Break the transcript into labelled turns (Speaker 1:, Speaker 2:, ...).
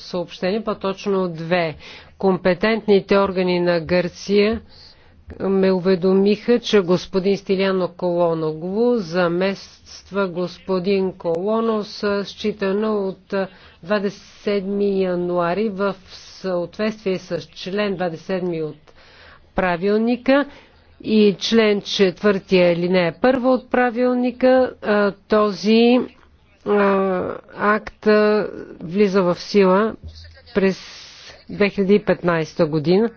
Speaker 1: съобщения, по-точно две. Компетентните органи на Гърция ме уведомиха, че господин Стиляно Колоноглу замества господин Колонос, считано от 27 януари в съответствие с член 27 от правилника и член 4 линия 1 от правилника този Акта влиза в сила през 2015 година.